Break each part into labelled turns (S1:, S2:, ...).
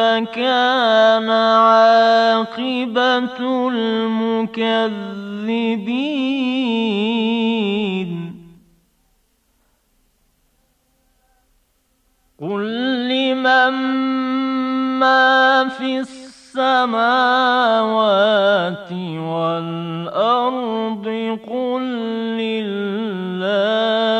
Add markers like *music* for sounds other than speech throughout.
S1: فكان عاقبة المكذبين قل لمن ما في السماوات والأرض قل لله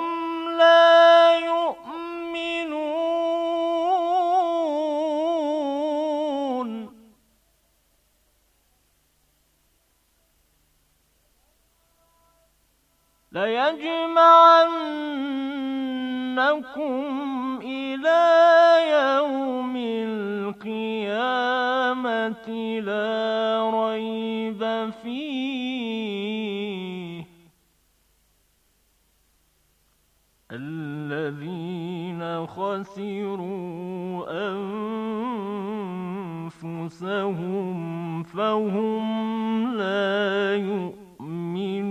S1: إِلَى يَوْمِ الْقِيَامَةِ لَا رَيْبَ فِيهِ الَّذِينَ خَسِرُوا أَنفُسَهُمْ فَهُمْ لَا يُؤْمِنُونَ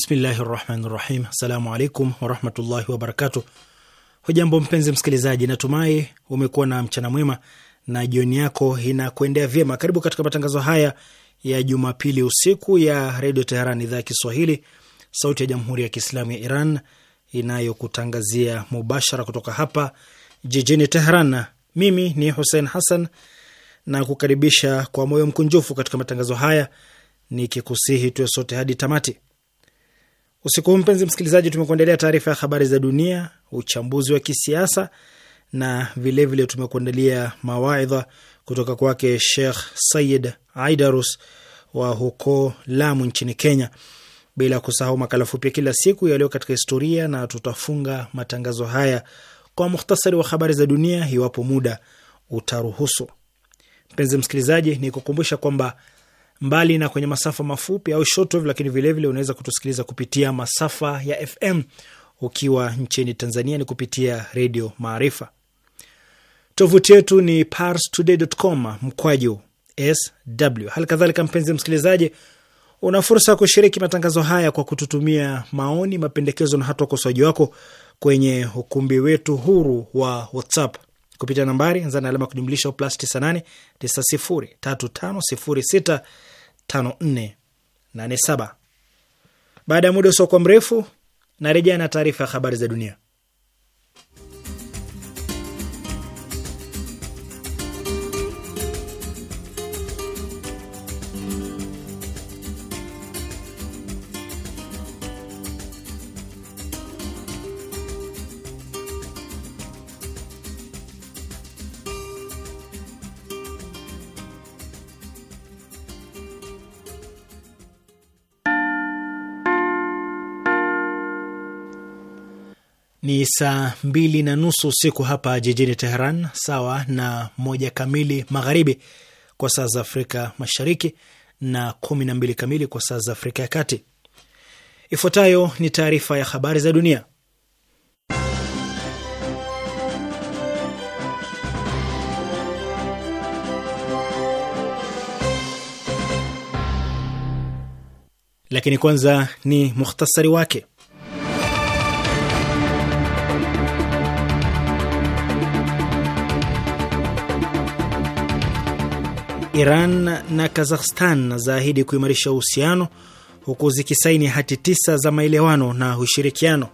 S2: Bismillahi rahmani rahim. Assalamu alaikum warahmatullahi wabarakatu. Hujambo mpenzi msikilizaji, natumai umekuwa na mchana mwema na jioni yako inakuendea vyema. Karibu katika matangazo haya ya Jumapili usiku ya Redio Teheran, idhaa ya Kiswahili, sauti ya Jamhuri ya Kiislamu ya Iran inayokutangazia mubashara kutoka hapa jijini Teheran. Mimi ni Hussein Hassan na kukaribisha kwa moyo mkunjufu katika matangazo haya nikikusihi tuwe sote hadi tamati. Usiku huu mpenzi msikilizaji, tumekuandalia taarifa ya habari za dunia, uchambuzi wa kisiasa na vilevile tumekuandalia mawaidha kutoka kwake Sheikh Sayid Aidarus wa huko Lamu nchini Kenya, bila kusahau makala fupi ya kila siku yaliyo katika historia, na tutafunga matangazo haya kwa muhtasari wa habari za dunia iwapo muda utaruhusu. Mpenzi msikilizaji, ni kukumbusha kwamba mbali na kwenye masafa mafupi au shortwave, lakini vilevile unaweza kutusikiliza kupitia masafa ya FM ukiwa nchini Tanzania ni kupitia Redio Maarifa. Tovuti yetu ni parstoday.com mkwaju sw. Hali kadhalika, mpenzi msikilizaji, una fursa ya kushiriki matangazo haya kwa kututumia maoni, mapendekezo na hata ukosoaji wako kwenye ukumbi wetu huru wa WhatsApp kupitia nambari anza na alama kujumlisha plus 98 90 35 06 5487. Baada ya muda usiokuwa mrefu, narejea na taarifa ya habari za dunia. Ni saa mbili na nusu usiku hapa jijini Teheran, sawa na moja kamili magharibi kwa saa za Afrika Mashariki na kumi na mbili kamili kwa saa za Afrika ya Kati. Ifuatayo ni taarifa ya habari za dunia, lakini kwanza ni mukhtasari wake. Iran na Kazakhstan zaahidi kuimarisha uhusiano huku zikisaini hati tisa za maelewano na ushirikiano.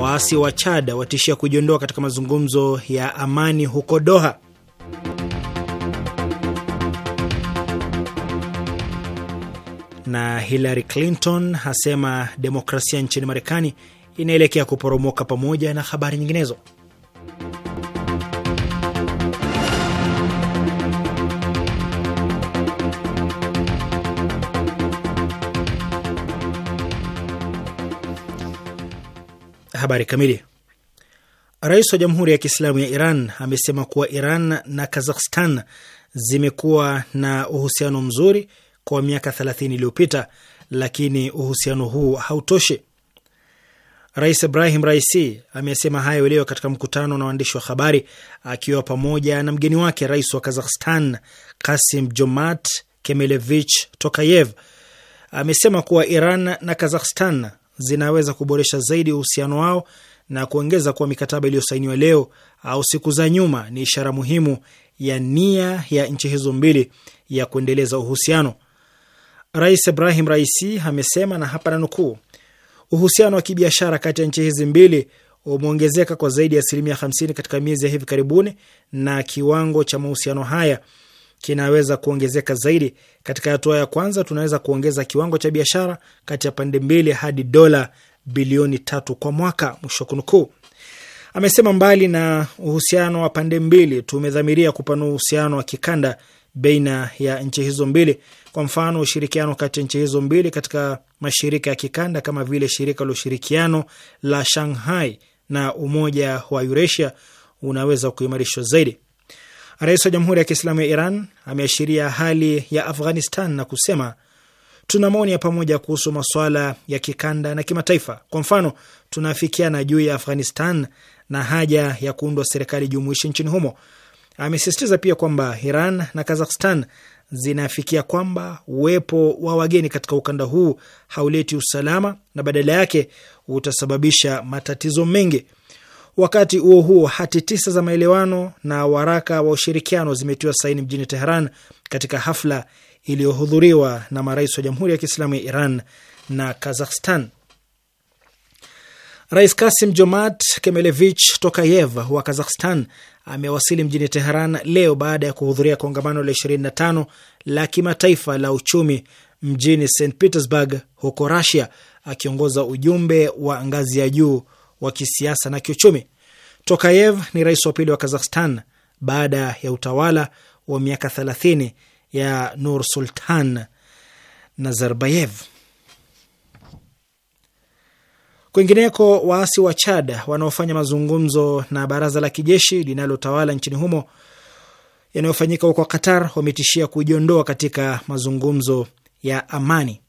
S2: Waasi wa chad watishia kujiondoa katika mazungumzo ya amani huko Doha. Na Hillary Clinton hasema demokrasia nchini Marekani inaelekea kuporomoka, pamoja na habari nyinginezo. Habari kamili. Rais wa Jamhuri ya Kiislamu ya Iran amesema kuwa Iran na Kazakhstan zimekuwa na uhusiano mzuri kwa miaka 30 iliyopita, lakini uhusiano huu hautoshi. Rais Ibrahim Raisi amesema hayo leo katika mkutano na waandishi wa habari akiwa pamoja na mgeni wake rais wa Kazakhstan Kasim Jomat Kemelevich Tokayev. Amesema kuwa Iran na Kazakhstan zinaweza kuboresha zaidi uhusiano wao na kuongeza kuwa mikataba iliyosainiwa leo au siku za nyuma ni ishara muhimu ya nia ya nchi hizo mbili ya kuendeleza uhusiano. Rais Ibrahim Raisi amesema na hapa nanukuu, uhusiano wa kibiashara kati ya nchi hizi mbili umeongezeka kwa zaidi ya asilimia 50 katika miezi ya hivi karibuni, na kiwango cha mahusiano haya kinaweza kuongezeka zaidi. Katika hatua ya kwanza, tunaweza kuongeza kiwango cha biashara kati ya pande mbili hadi dola bilioni tatu kwa mwaka, mwisho kunukuu. Amesema mbali na uhusiano wa pande mbili, tumedhamiria kupanua uhusiano wa kikanda baina ya nchi hizo mbili. Kwa mfano, ushirikiano kati ya nchi hizo mbili katika mashirika ya kikanda kama vile shirika la ushirikiano la Shanghai na umoja wa Eurasia unaweza kuimarishwa zaidi. Rais wa Jamhuri ya Kiislamu ya Iran ameashiria hali ya Afghanistan na kusema tuna maoni ya pamoja kuhusu masuala ya kikanda na kimataifa. Kwa mfano, tunaafikiana juu ya Afghanistan na haja ya kuundwa serikali jumuishi nchini humo. Amesisitiza pia kwamba Iran na Kazakhstan zinaafikia kwamba uwepo wa wageni katika ukanda huu hauleti usalama na badala yake utasababisha matatizo mengi. Wakati huo huo, hati tisa za maelewano na waraka wa ushirikiano zimetiwa saini mjini Teheran katika hafla iliyohudhuriwa na marais wa Jamhuri ya Kiislamu ya Iran na Kazakhstan. Rais Kasim Jomat Kemelevich Tokayev wa Kazakhstan amewasili mjini Teheran leo baada ya kuhudhuria kongamano la 25 la kimataifa la uchumi mjini St Petersburg huko Russia, akiongoza ujumbe wa ngazi ya juu wa kisiasa na kiuchumi. Tokayev ni rais wa pili wa Kazakhstan baada ya utawala wa miaka 30 ya Nur Sultan Nazarbayev. Kwingineko, waasi wa Chad wanaofanya mazungumzo na baraza la kijeshi linalotawala nchini humo yanayofanyika huko Qatar wametishia kujiondoa katika mazungumzo ya amani.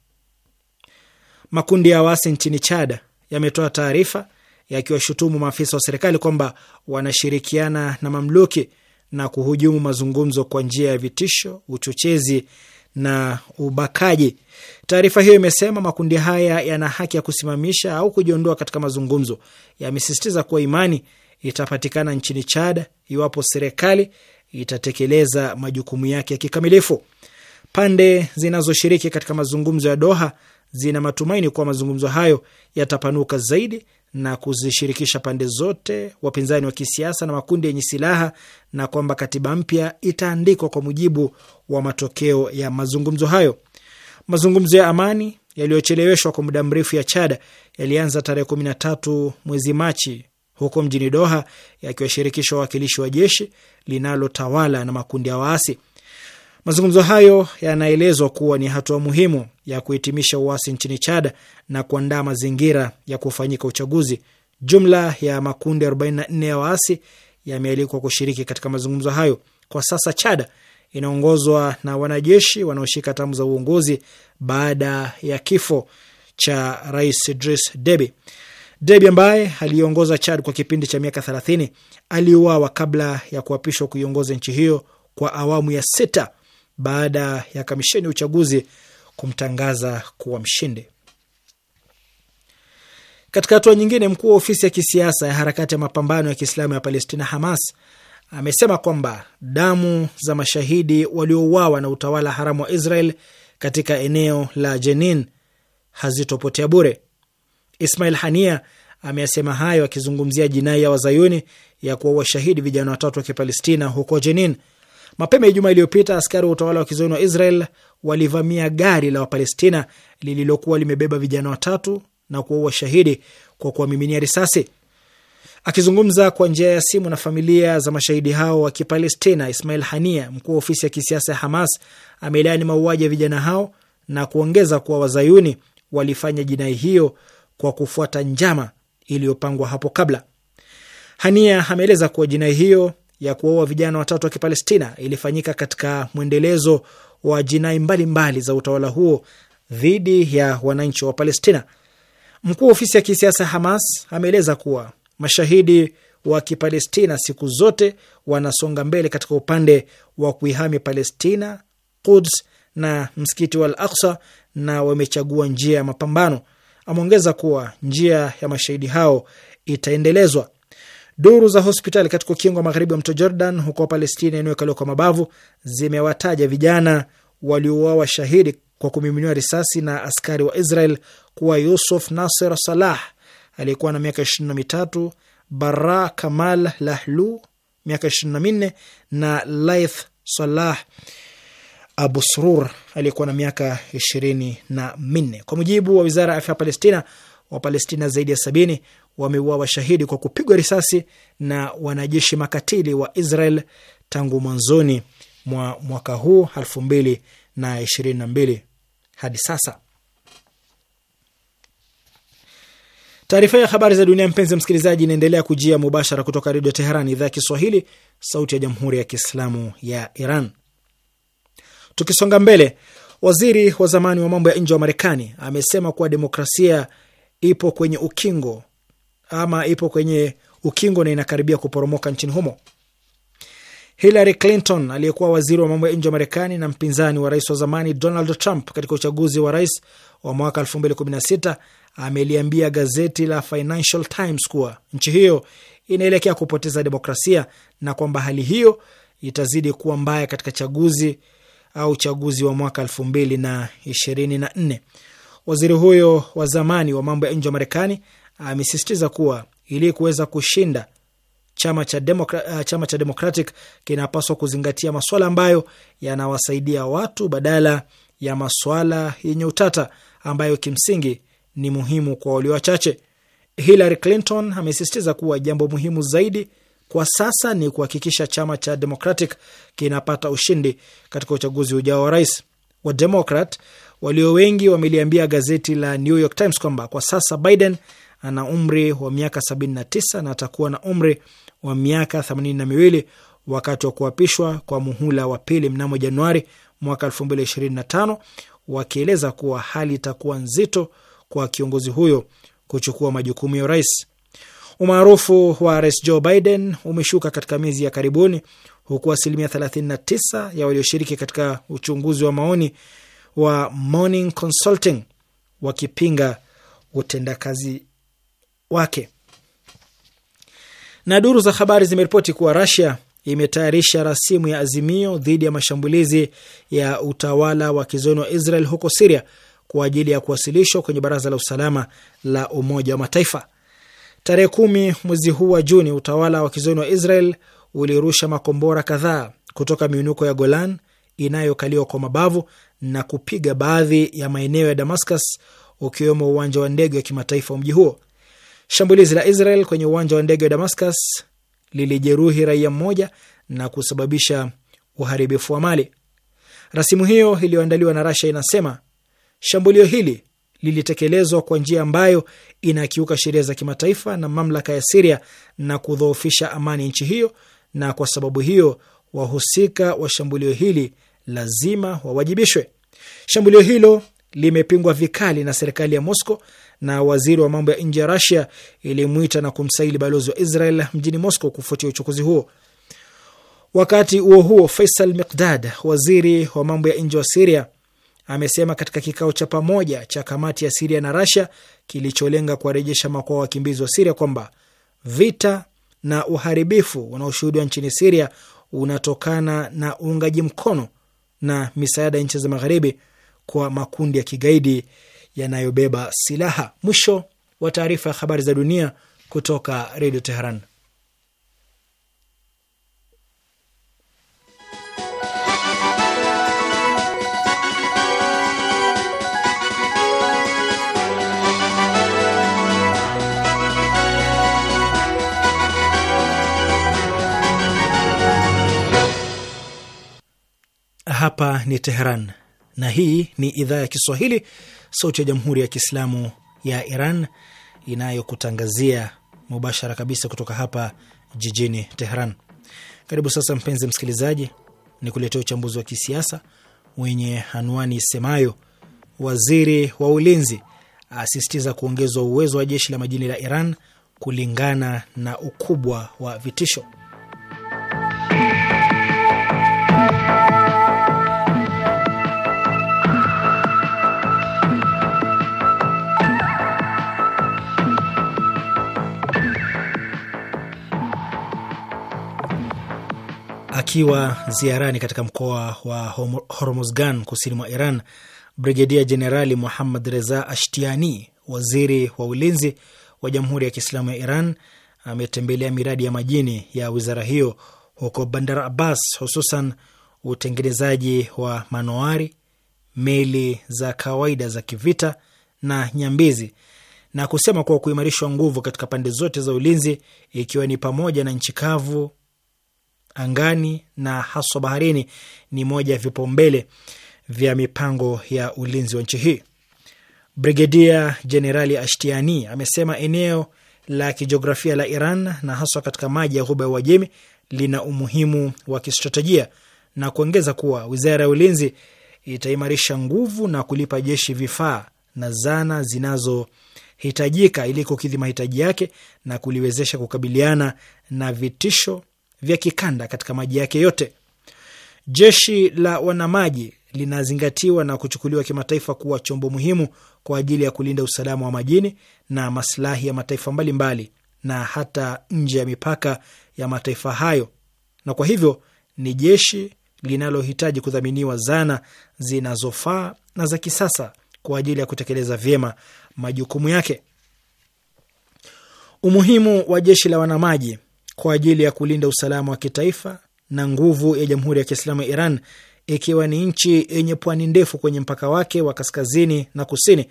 S2: Makundi ya waasi nchini Chad yametoa taarifa yakiwashutumu maafisa wa serikali kwamba wanashirikiana na mamluki na kuhujumu mazungumzo kwa njia ya vitisho, uchochezi na ubakaji. Taarifa hiyo imesema makundi haya yana haki ya kusimamisha au kujiondoa katika mazungumzo. Yamesisitiza kuwa imani itapatikana nchini Chad iwapo serikali itatekeleza majukumu yake ya kikamilifu. Pande zinazoshiriki katika mazungumzo ya Doha zina matumaini kuwa mazungumzo hayo yatapanuka zaidi na kuzishirikisha pande zote, wapinzani wa kisiasa na makundi yenye silaha, na kwamba katiba mpya itaandikwa kwa mujibu wa matokeo ya mazungumzo hayo. Mazungumzo ya amani yaliyocheleweshwa kwa muda mrefu ya Chad yalianza tarehe tatu mwezi Machi huko mjini Doha, yakiwashirikisha wawakilishi wa jeshi linalotawala na makundi ya waasi. Mazungumzo hayo yanaelezwa kuwa ni hatua muhimu ya kuhitimisha uasi nchini Chad na kuandaa mazingira ya kufanyika uchaguzi. Jumla ya makundi 44 ya waasi yamealikwa kushiriki katika mazungumzo hayo. Kwa sasa Chad inaongozwa na wanajeshi wanaoshika tamu za uongozi baada ya kifo cha Rais Idris Deby. Deby ambaye aliongoza Chad kwa kipindi cha miaka 30 aliuawa kabla ya kuapishwa kuiongoza nchi hiyo kwa awamu ya sita baada ya kamisheni ya uchaguzi kumtangaza kuwa mshindi. Katika hatua nyingine, mkuu wa ofisi ya kisiasa ya harakati ya mapambano ya Kiislamu ya Palestina, Hamas, amesema kwamba damu za mashahidi waliouawa na utawala haramu wa Israel katika eneo la Jenin hazitopotea bure. Ismail Hania ameyasema hayo akizungumzia jinai ya wazayuni ya kuwa washahidi vijana watatu wa Kipalestina huko Jenin. Mapema Ijumaa iliyopita askari wa utawala wa kizayuni wa Israel walivamia gari la Wapalestina lililokuwa limebeba vijana watatu na kuwaua shahidi kwa kuwamiminia risasi. Akizungumza kwa njia ya simu na familia za mashahidi hao wa Kipalestina, Ismail Hania, mkuu wa ofisi ya kisiasa ya Hamas, amelaani mauaji ya vijana hao na kuongeza kuwa wazayuni walifanya jinai hiyo kwa kufuata njama iliyopangwa hapo kabla. Hania ameeleza kuwa jinai hiyo ya kuwaua vijana watatu wa Kipalestina ilifanyika katika mwendelezo wa jinai mbalimbali za utawala huo dhidi ya wananchi wa Palestina. Mkuu wa ofisi ya kisiasa Hamas ameeleza kuwa mashahidi wa Kipalestina siku zote wanasonga mbele katika upande wa kuihami Palestina, Quds na msikiti wa Al na wamechagua njia ya mapambano. Ameongeza kuwa njia ya mashahidi hao itaendelezwa. Duru za hospitali katika ukingo wa magharibi wa mto Jordan huko Wapalestina eneo kwa mabavu zimewataja vijana waliouawa shahidi kwa kumiminiwa risasi na askari wa Israel kuwa Yusuf nasir Salah aliyekuwa na miaka ishirini na mitatu, Bara Kamal Lahlu miaka ishirini na minne na Laith Salah abusrur aliyekuwa na miaka ishirini na minne. Kwa mujibu wa wizara ya afya ya Palestina, Wapalestina zaidi ya sabini wameuawa washahidi kwa kupigwa risasi na wanajeshi makatili wa Israel tangu mwanzoni mwa mwaka huu elfu hadi sasa. Taarifa ya habari za dunia, mpenzi msikilizaji, inaendelea kujia mubashara kutoka Redio Teheran, idhaa ya Kiswahili, sauti ya jamhuri ya kiislamu ya Iran. Tukisonga mbele, waziri wa zamani wa mambo ya nje wa Marekani amesema kuwa demokrasia ipo kwenye ukingo ama ipo kwenye ukingo na inakaribia kuporomoka nchini humo. Hillary Clinton aliyekuwa waziri wa mambo ya nje wa Marekani na mpinzani wa rais wa zamani Donald Trump katika uchaguzi wa rais wa mwaka 2016 ameliambia gazeti la Financial Times kuwa nchi hiyo inaelekea kupoteza demokrasia na kwamba hali hiyo itazidi kuwa mbaya katika chaguzi au chaguzi wa mwaka 2024. Waziri huyo wa zamani wa mambo ya nje wa Marekani amesisitiza kuwa ili kuweza kushinda chama cha, demokra, uh, chama cha Democratic kinapaswa kuzingatia maswala ambayo yanawasaidia watu badala ya maswala yenye utata ambayo kimsingi ni muhimu kwa walio wachache. Hillary Clinton amesisitiza kuwa jambo muhimu zaidi kwa sasa ni kuhakikisha chama cha Democratic kinapata ushindi katika uchaguzi ujao wa rais. Wademokrat walio wengi wameliambia gazeti la New York Times kwamba kwa sasa Biden ana umri wa miaka 79 na atakuwa na umri wa miaka themanini na miwili wakati wa kuapishwa kwa muhula wa pili mnamo Januari mwaka 2025, wakieleza kuwa hali itakuwa nzito kwa kiongozi huyo kuchukua majukumu ya rais Umaarufu wa rais Joe Biden umeshuka katika miezi ya karibuni, huku asilimia 39 ya walioshiriki katika uchunguzi wa maoni wa Morning Consulting wakipinga utendakazi wake. Na duru za habari zimeripoti kuwa Rasia imetayarisha rasimu ya azimio dhidi ya mashambulizi ya utawala wa kizoni wa Israel huko Siria kwa ajili ya kuwasilishwa kwenye Baraza la Usalama la Umoja wa Mataifa. Tarehe kumi mwezi huu wa Juni, utawala wa kizoni wa Israel ulirusha makombora kadhaa kutoka miunuko ya Golan inayokaliwa kwa mabavu na kupiga baadhi ya maeneo ya Damascus, ukiwemo uwanja wa ndege wa kimataifa wa mji huo. Shambulizi la Israel kwenye uwanja wa ndege wa Damascus lilijeruhi raia mmoja na kusababisha uharibifu wa mali. Rasimu hiyo iliyoandaliwa na Russia inasema shambulio hili lilitekelezwa kwa njia ambayo inakiuka sheria za kimataifa na mamlaka ya Siria na kudhoofisha amani nchi hiyo, na kwa sababu hiyo wahusika wa shambulio hili lazima wawajibishwe. Shambulio hilo limepingwa vikali na serikali ya Moscow na waziri wa mambo ya nje ya Rasia ilimwita na kumsaili balozi wa Israel mjini Moscow kufuatia uchokozi huo. Wakati huo huo, Faisal Miqdad, waziri wa mambo ya nje wa Siria, amesema katika kikao cha pamoja cha kamati ya Siria na Rasia kilicholenga kuwarejesha makwao wakimbizi wa Siria kwamba vita na uharibifu unaoshuhudiwa nchini Siria unatokana na uungaji mkono na misaada ya nchi za magharibi kwa makundi ya kigaidi yanayobeba silaha. Mwisho wa taarifa ya habari za dunia kutoka Redio Teheran. Hapa ni Teheran na hii ni idhaa ya Kiswahili sauti ya jamhuri ya kiislamu ya Iran inayokutangazia mubashara kabisa kutoka hapa jijini Tehran. Karibu sasa, mpenzi msikilizaji, ni kuletea uchambuzi wa kisiasa wenye anwani semayo waziri wa ulinzi asisitiza kuongezwa uwezo wa jeshi la majini la Iran kulingana na ukubwa wa vitisho. Akiwa ziarani katika mkoa wa Hormozgan kusini mwa Iran, Brigedia Jenerali Muhammad Reza Ashtiani, waziri wa ulinzi wa Jamhuri ya Kiislamu ya Iran, ametembelea miradi ya majini ya wizara hiyo huko Bandar Abbas, hususan utengenezaji wa manowari, meli za kawaida za kivita na nyambizi, na kusema kuwa kuimarishwa nguvu katika pande zote za ulinzi, ikiwa ni pamoja na nchi kavu angani na haswa baharini ni moja ya vipaumbele vya mipango ya ulinzi wa nchi hii. Brigedia Jenerali Ashtiani amesema eneo la kijiografia la Iran na haswa katika maji ya Ghuba ya Uajemi lina umuhimu wa kistratejia na kuongeza kuwa wizara ya ulinzi itaimarisha nguvu na kulipa jeshi vifaa na zana zinazohitajika ili kukidhi mahitaji yake na kuliwezesha kukabiliana na vitisho vya kikanda katika maji yake yote. Jeshi la wanamaji linazingatiwa na kuchukuliwa kimataifa kuwa chombo muhimu kwa ajili ya kulinda usalama wa majini na maslahi ya mataifa mbalimbali mbali, na hata nje ya mipaka ya mataifa hayo, na kwa hivyo ni jeshi linalohitaji kudhaminiwa zana zinazofaa na za kisasa kwa ajili ya kutekeleza vyema majukumu yake. Umuhimu wa jeshi la wanamaji kwa ajili ya kulinda usalama wa kitaifa na nguvu ya Jamhuri ya Kiislamu ya Iran, ikiwa ni nchi yenye pwani ndefu kwenye mpaka wake wa kaskazini na kusini,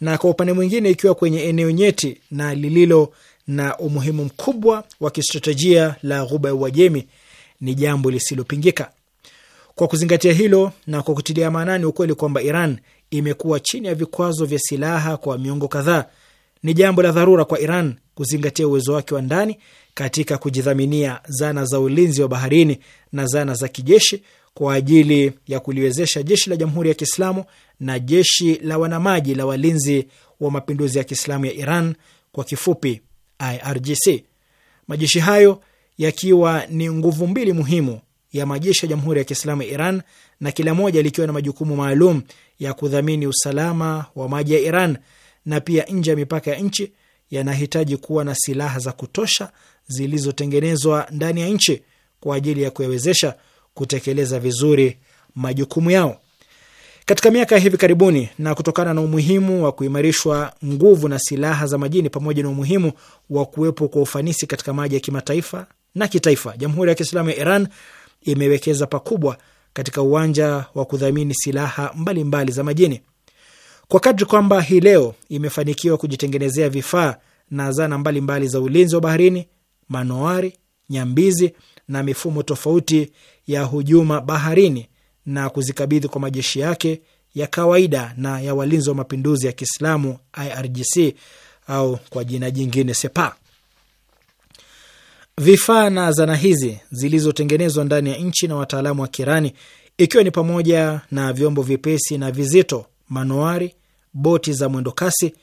S2: na kwa upande mwingine ikiwa kwenye eneo nyeti na lililo na umuhimu mkubwa wa kistratejia la Ghuba ya Uajemi ni jambo lisilopingika. Kwa kuzingatia hilo na kwa kutilia maanani ukweli kwamba Iran imekuwa chini ya vikwazo vya silaha kwa miongo kadhaa, ni jambo la dharura kwa Iran kuzingatia uwezo wake wa ndani katika kujidhaminia zana za ulinzi wa baharini na zana za kijeshi kwa ajili ya kuliwezesha jeshi la Jamhuri ya Kiislamu na jeshi la wanamaji la walinzi wa mapinduzi ya Kiislamu ya Iran kwa kifupi IRGC. Majeshi hayo yakiwa ni nguvu mbili muhimu ya majeshi ya Jamhuri ya Kiislamu ya Iran na kila moja likiwa na majukumu maalum ya kudhamini usalama wa maji ya Iran na pia nje ya mipaka ya nchi, yanahitaji kuwa na silaha za kutosha zilizotengenezwa ndani ya nchi kwa ajili ya kuyawezesha kutekeleza vizuri majukumu yao. Katika miaka ya hivi karibuni, na kutokana na umuhimu wa kuimarishwa nguvu na silaha za majini pamoja na umuhimu wa kuwepo kwa ufanisi katika maji ya kimataifa na kitaifa, Jamhuri ya Kiislamu ya Iran imewekeza pakubwa katika uwanja wa kudhamini silaha mbalimbali mbali za majini kwa kadri kwamba hii leo imefanikiwa kujitengenezea vifaa na zana mbalimbali mbali za ulinzi wa baharini, manowari, nyambizi na mifumo tofauti ya hujuma baharini na kuzikabidhi kwa majeshi yake ya kawaida na ya walinzi wa mapinduzi ya Kiislamu IRGC au kwa jina jingine Sepa. Vifaa na zana hizi zilizotengenezwa ndani ya nchi na wataalamu wa Kirani, ikiwa ni pamoja na vyombo vyepesi na vizito, manowari, boti za mwendo kasi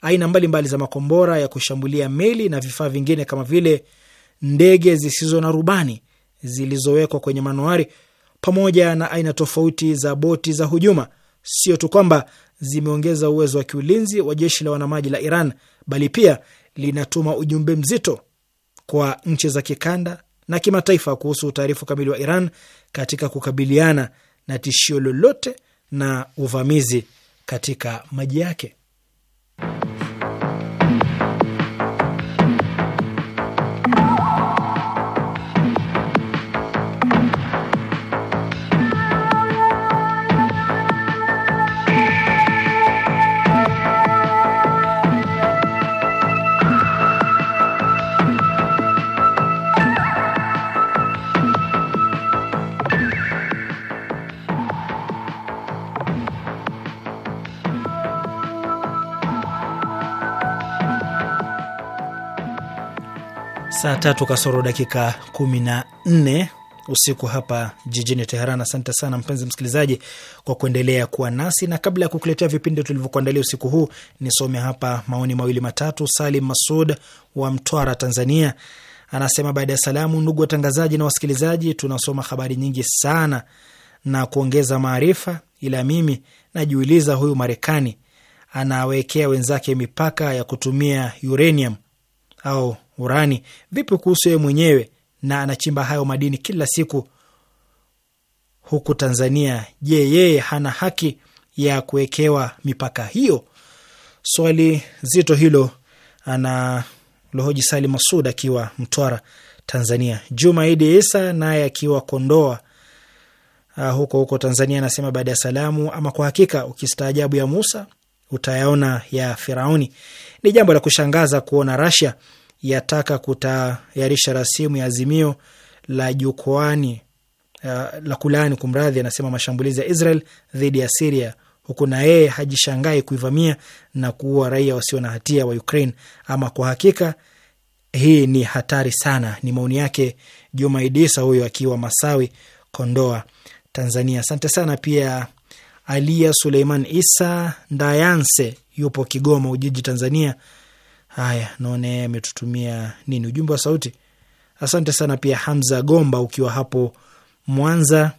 S2: aina mbalimbali za makombora ya kushambulia meli na vifaa vingine kama vile ndege zisizo na rubani zilizowekwa kwenye manuari pamoja na aina tofauti za boti za hujuma. Sio tu kwamba zimeongeza uwezo wa kiulinzi wa jeshi la wanamaji la Iran, bali pia linatuma ujumbe mzito kwa nchi za kikanda na kimataifa kuhusu utaarifu kamili wa Iran katika kukabiliana na tishio lolote na uvamizi katika maji yake. saa tatu kasoro dakika kumi na nne usiku hapa jijini Teheran. Asante sana mpenzi msikilizaji kwa kuendelea kuwa nasi, na kabla ya kukuletea vipindi tulivyokuandalia usiku huu, nisome hapa maoni mawili matatu. Salim Masud wa Mtwara, Tanzania, anasema baada ya salamu, ndugu watangazaji na wasikilizaji, tunasoma habari nyingi sana na kuongeza maarifa, ila mimi najiuliza, huyu Marekani anawekea wenzake mipaka ya kutumia uranium au urani. Vipi kuhusu yeye mwenyewe? Na anachimba hayo madini kila siku huku Tanzania. Je, yeye hana haki ya kuwekewa mipaka hiyo? Swali zito hilo ana lohoji Sali Masud akiwa Mtwara, Tanzania. Juma Idi Isa naye akiwa Kondoa uh, huko huko Tanzania anasema baada ya salamu, ama kwa hakika ukistaajabu ya Musa utayaona ya Firauni. Ni jambo la kushangaza kuona Rasia yataka kutayarisha rasimu ya azimio la jukwani uh, la kulaani, kumradhi, anasema mashambulizi ya Israel dhidi ya Siria, huku na yeye hajishangai kuivamia na kuua raia wasio na hatia wa Ukraine. Ama kwa hakika hii ni hatari sana. Ni maoni yake Juma Idisa, huyo akiwa Masawi, Kondoa, Tanzania. Asante sana pia Alia Suleiman Isa Ndayanse yupo Kigoma Ujiji, Tanzania. Haya, naone ametutumia nini, ujumbe wa sauti. Asante sana pia Hamza Gomba, ukiwa hapo Mwanza,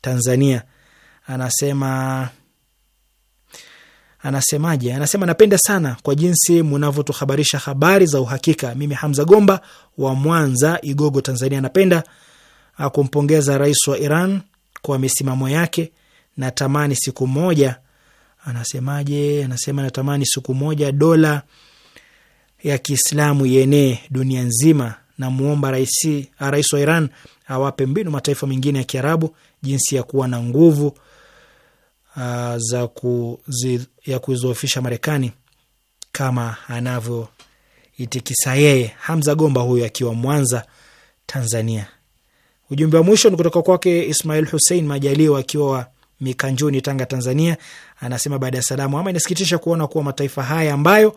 S2: Tanzania, anasema anasemaje? Anasema napenda sana kwa jinsi mnavyotuhabarisha habari za uhakika. Mimi Hamza Gomba wa Mwanza, Igogo, Tanzania, napenda ah, kumpongeza rais wa Iran kwa misimamo yake. Natamani siku moja, anasemaje? Anasema natamani siku moja dola ya Kiislamu ienee dunia nzima, na muomba raisi, ah, rais wa Iran awape mbinu mataifa mengine ya Kiarabu jinsi ya kuwa na nguvu uh, za kuzi, ya kuizoofisha Marekani kama anavyoitikisa yeye. Hamza Gomba huyu akiwa Mwanza, Tanzania. Ujumbe wa mwisho ni kutoka kwake Ismail Hussein Majaliwa akiwa Mikanjuni, Tanga, Tanzania. Anasema baada ya salamu, ama inasikitisha kuona kuwa mataifa haya ambayo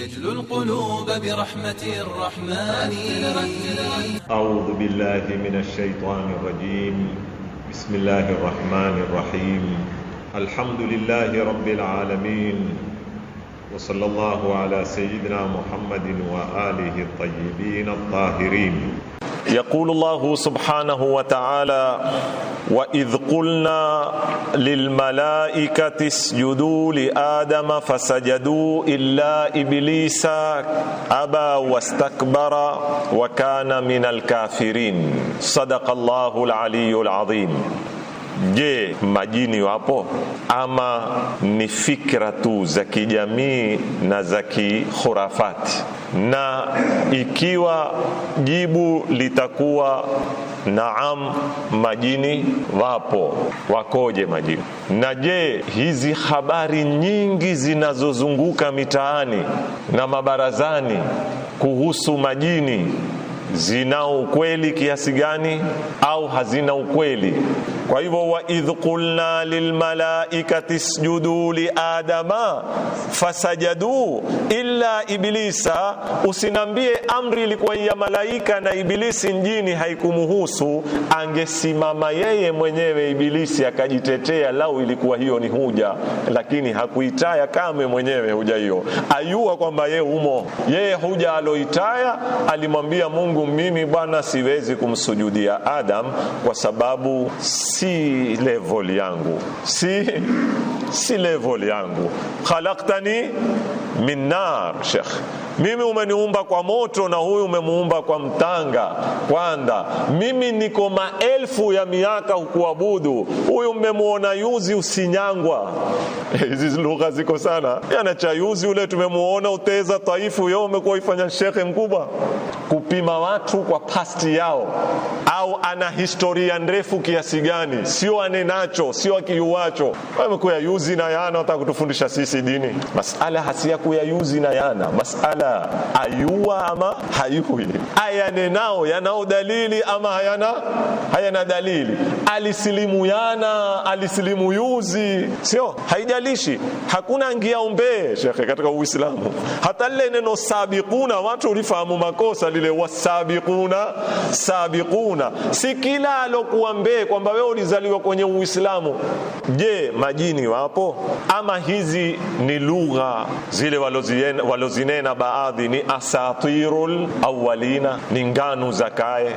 S3: يجلو القلوب برحمة
S4: الرحمن
S5: أعوذ بالله من الشيطان الرجيم بسم الله الرحمن الرحيم الحمد لله رب العالمين وصلى الله على سيدنا محمد وآله الطيبين الطاهرين يقول الله سبحانه وتعالى واذ قلنا للملائكه اسجدوا لادم فسجدوا الا ابليس ابى واستكبر وكان من الكافرين صدق الله العلي العظيم je, majini wapo ama ni fikra tu za kijamii na za kikhurafati? Na ikiwa jibu litakuwa naam, majini wapo, wakoje majini? Na je, hizi habari nyingi zinazozunguka mitaani na mabarazani kuhusu majini zina ukweli kiasi gani au hazina ukweli? Kwa hivyo wa idh qulna lilmalaikati isjudu liadama fasajadu illa iblisa, usinambie amri ilikuwa ya malaika na iblisi mjini haikumuhusu, angesimama yeye mwenyewe ibilisi akajitetea, lau ilikuwa hiyo ni huja, lakini hakuitaya kame mwenyewe huja hiyo, ayua kwamba yeye umo, yeye huja aloitaya alimwambia Mungu, mimi bwana siwezi kumsujudia Adam kwa sababu si si level yangu, si si level yangu. Khalaqtani min nar, Sheikh mimi umeniumba kwa moto na huyu umemuumba kwa mtanga kwanda, mimi niko maelfu ya miaka hukuabudu, huyu mmemuona yuzi usinyangwa. *laughs* Hizi lugha ziko sana, yana cha yuzi ule tumemuona uteza taifu yo umekuwa ifanya shekhe mkubwa, kupima watu kwa pasti yao, au ana historia ndefu kiasi gani, sio anenacho, sio akiuacho. Amekuya yuzi na yana, watakutufundisha sisi dini masala hasi ya kuyayuzi na yana masala ayua ama hayui, ayanenao yanao dalili ama hayana, hayana dalili, alisilimu yana alisilimu yuzi, sio haijalishi, hakuna ngia umbee shekhe katika Uislamu. Hata lile neno sabiquna, watu ulifahamu makosa lile, wasabiquna sabiquna, si kila alokuwa mbee kwamba wewe ulizaliwa kwenye Uislamu. Je, majini wapo ama hizi ni lugha zile walozinena ba baadhi ni asatiru alawalina ni ngano za kale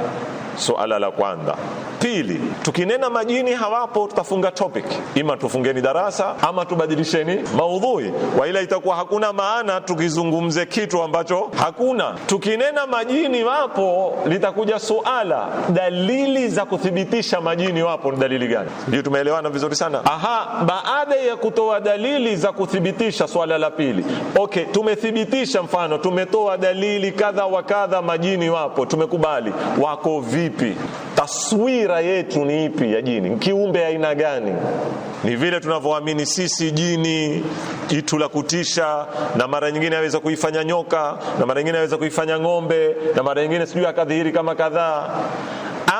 S5: suala la kwanza. Pili, tukinena majini hawapo, tutafunga topic, ima tufungeni darasa ama tubadilisheni maudhui, kwa ila itakuwa hakuna maana tukizungumze kitu ambacho hakuna. Tukinena majini wapo, litakuja suala dalili za kuthibitisha majini wapo ni dalili gani? Ndio, tumeelewana vizuri sana. Aha, baada ya kutoa dalili za kuthibitisha swala la pili, okay, tumethibitisha, mfano tumetoa dalili kadha wa kadha, majini wapo, tumekubali wako vi vipi? Taswira yetu ni ipi ya jini? Kiumbe aina gani? Ni vile tunavyoamini sisi jini, jitu la kutisha, na mara nyingine aweza kuifanya nyoka, na mara nyingine aweza kuifanya ng'ombe, na mara nyingine sijui akadhihiri kama kadhaa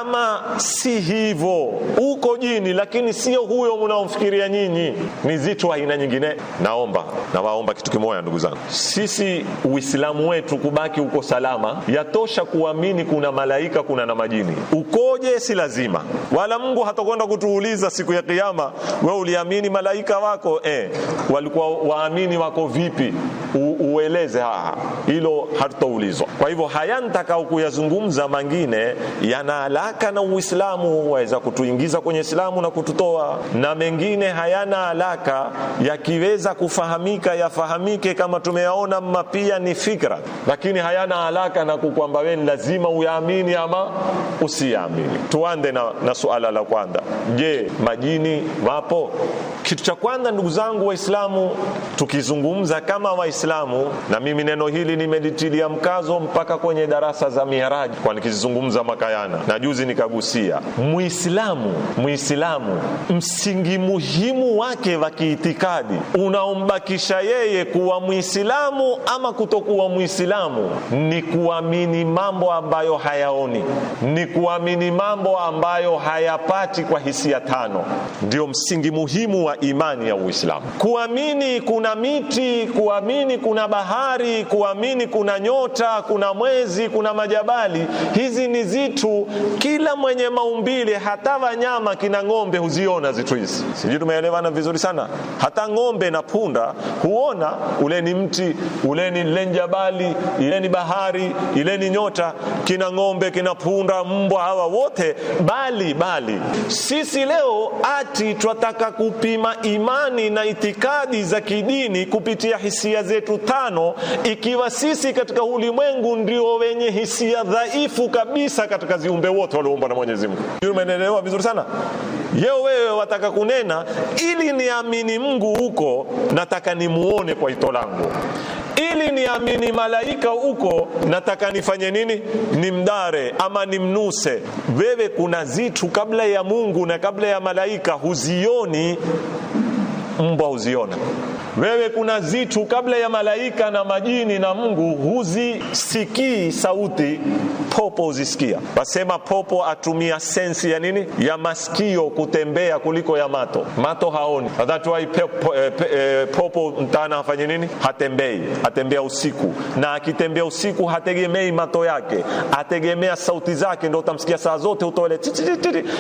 S5: ama si hivyo, uko jini, lakini sio huyo mnaomfikiria nyinyi. Ni zitu aina nyingine. Naomba nawaomba kitu kimoja, ndugu zangu, sisi Uislamu wetu kubaki uko salama, yatosha kuamini kuna malaika, kuna na majini. Ukoje si lazima, wala Mungu hatakwenda kutuuliza siku ya Kiyama, we uliamini malaika wako eh, walikuwa waamini wako vipi? U, ueleze haha hilo hatutaulizwa. Kwa hivyo haya nitakao kuyazungumza mangine yana alaka na Uislamu waweza kutuingiza kwenye Islamu na kututoa, na mengine hayana alaka, yakiweza kufahamika yafahamike kama tumeyaona, mma pia ni fikra, lakini hayana alaka na kukwamba wewe lazima uyaamini ama usiamini. Tuande na, na suala la kwanza, je, majini wapo? Kitu cha kwanza ndugu zangu Waislamu, tukizungumza kama Waislamu, na mimi neno hili nimelitilia mkazo mpaka kwenye darasa za Miraji kwa nikizungumza Makayana na juzi nikagusia Muislamu, Muislamu msingi muhimu wake wa kiitikadi unaombakisha yeye kuwa Muislamu ama kutokuwa Muislamu ni kuamini mambo ambayo hayaoni, ni kuamini mambo ambayo hayapati kwa hisia tano. Ndio msingi muhimu wa imani ya Uislamu. Kuamini kuna miti, kuamini kuna bahari, kuamini kuna nyota, kuna mwezi, kuna majabali. Hizi ni zitu kila mwenye maumbile, hata wanyama kina ng'ombe huziona zitu hizi, sijui tumeelewana vizuri sana. Hata ng'ombe na punda huona ule ni mti, ule ni lenjabali, ile ni bahari, ile ni nyota, kina ng'ombe, kina punda, mbwa, hawa wote bali bali. Sisi leo ati twataka kupima imani na itikadi za kidini kupitia hisia zetu tano, ikiwa sisi katika ulimwengu ndio wenye hisia dhaifu kabisa katika ziumbe wote wote walioumbwa na Mwenyezi Mungu. Umeelewa vizuri sana? Yeo wewe wataka kunena, ili niamini Mungu huko, nataka nimuone kwa ito langu ili niamini malaika huko, nataka nifanye nini? Nimdare ama nimnuse. Wewe kuna zitu kabla ya Mungu na kabla ya malaika huzioni, mbwa huziona. Wewe kuna zitu kabla ya malaika na majini na Mungu huzisikii sauti, popo huzisikia. Wasema popo atumia sensi ya nini? Ya masikio kutembea kuliko ya mato. Mato haoni, that's why pepo, eh, eh, popo mtana afanye nini? Hatembei, atembea usiku, na akitembea usiku hategemei mato yake, ategemea sauti zake, ndio utamsikia saa zote utoele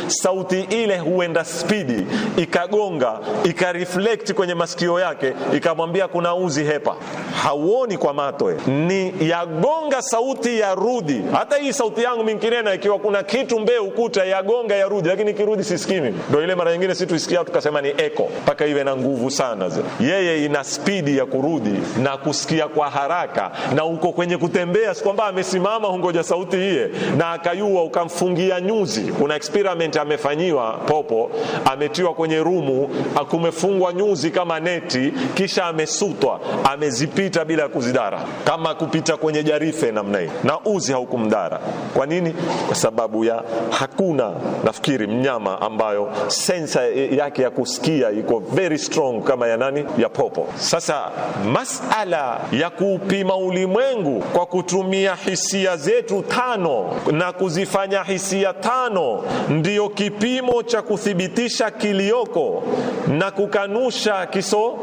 S5: sauti ile, huenda spidi ikagonga ikareflect kwenye masikio yake ikamwambia kuna uzi hepa, hauoni kwa mato he. ni yagonga sauti ya rudi. Hata hii sauti yangu minkinena, ikiwa kuna kitu mbee ukuta yagonga ya rudi, lakini kirudi sisikimi. ndo ile mara nyingine si tuisikia tukasema ni eko, mpaka iwe na nguvu sana ze. Yeye ina spidi ya kurudi na kusikia kwa haraka, na uko kwenye kutembea, si kwamba amesimama hungoja sauti hiye, na akayua ukamfungia nyuzi. Kuna experiment amefanyiwa popo, ametiwa kwenye rumu, kumefungwa nyuzi kama neti kisha amesutwa, amezipita bila kuzidara, kama kupita kwenye jarife namna hii, na uzi haukumdara. Kwa nini? Kwa sababu ya hakuna, nafikiri mnyama ambayo sensa yake ya kusikia iko very strong kama ya nani, ya popo. Sasa masala ya kuupima ulimwengu kwa kutumia hisia zetu tano na kuzifanya hisia tano ndiyo kipimo cha kuthibitisha kilioko na kukanusha kiso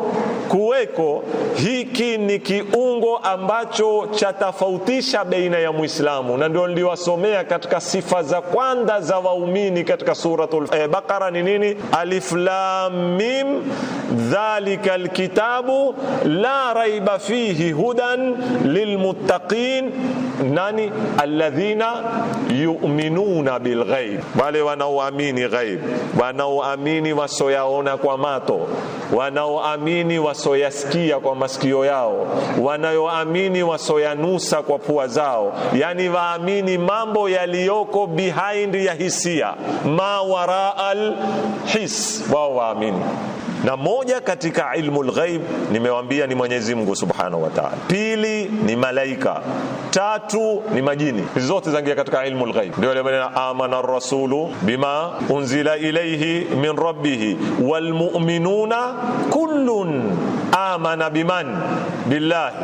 S5: kuweko hiki ni kiungo ambacho chatofautisha baina ya Muislamu, na ndio niliwasomea katika sifa za kwanza za waumini katika suratul e, Baqara ni nini? Alif lam mim dhalika alkitabu la raiba fihi hudan lilmuttaqin, nani? Alladhina yu'minuna bilghaib, wale wanaoamini ghaib, wanaoamini wasoyaona kwa mato, wanaoamini wa wasoyasikia kwa masikio yao, wanayoamini wasoyanusa kwa pua zao, yani waamini mambo yaliyoko behind ya hisia, ma waraa alhis, wao waamini na moja katika ilmu lghaib nimewambia ni Mwenyezi Mungu subhanahu wa taala, pili ni malaika, tatu ni majini. Hizi zote zangia katika ilmu lghaib, ndio alionena amana rasulu bima unzila ilaihi min rabbihi walmuminuna kullun amana biman billahi